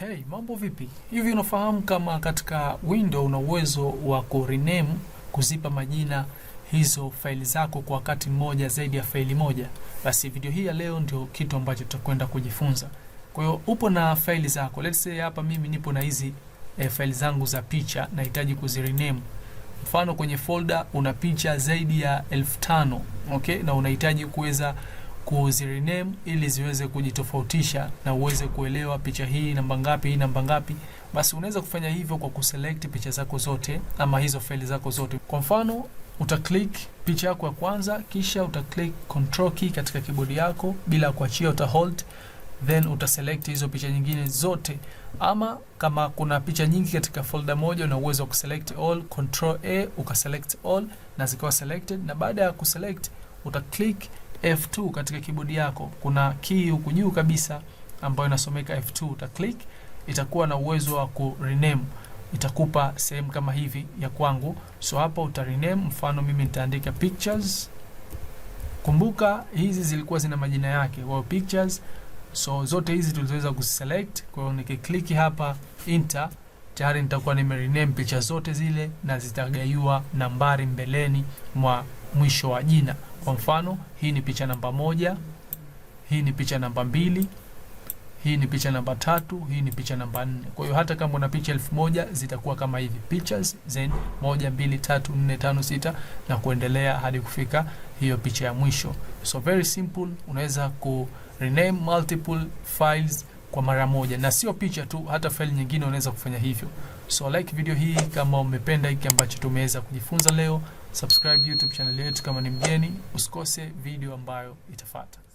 Hey, mambo vipi? Hivi unafahamu kama katika window una uwezo wa kurename kuzipa majina hizo faili zako kwa wakati mmoja zaidi ya faili moja? Basi video hii ya leo ndio kitu ambacho tutakwenda kujifunza. Kwa hiyo upo na faili zako. Let's say hapa mimi nipo na hizi e, faili zangu za picha nahitaji kuzirename. Mfano kwenye folder una picha zaidi ya elfu tano, okay? Na unahitaji kuweza kuzirename ili ziweze kujitofautisha na uweze kuelewa picha hii namba ngapi, hii namba ngapi. Basi unaweza kufanya hivyo kwa kuselect picha zako zote ama hizo faili zako zote. Kwa mfano utaklik picha yako ya kwanza, kisha utaklik control key katika kibodi yako bila kuachia, utahold then utaselect hizo picha nyingine zote, ama kama kuna picha nyingi katika folder moja, una uwezo wa kuselect all, control a ukaselect all na zikawa selected. Na baada ya kuselect utaklik F2 katika kibodi yako, kuna key huku juu kabisa ambayo inasomeka F2, uta click, itakuwa na uwezo wa ku rename, itakupa sehemu kama hivi ya kwangu. So hapa uta rename, mfano mimi nitaandika pictures. Kumbuka hizi zilikuwa zina majina yake, wao pictures. So zote hizi tulizoweza kuselect, kwa hiyo nikiklik hapa enter tayari nitakuwa nime rename picha zote zile na zitagaiwa nambari mbeleni mwa mwisho wa jina. Kwa mfano hii ni picha namba moja, hii ni picha namba mbili, hii ni picha namba tatu, hii ni picha namba nne. Kwa hiyo hata kama una picha elfu moja zitakuwa kama hivi pictures then moja, mbili, tatu, nne, tano, sita na kuendelea hadi kufika hiyo picha ya mwisho. So very simple, unaweza ku rename multiple files kwa mara moja, na sio picha tu, hata faili nyingine unaweza kufanya hivyo. So like video hii kama umependa hiki ambacho tumeweza kujifunza leo. Subscribe YouTube channel yetu kama ni mgeni, usikose video ambayo itafata.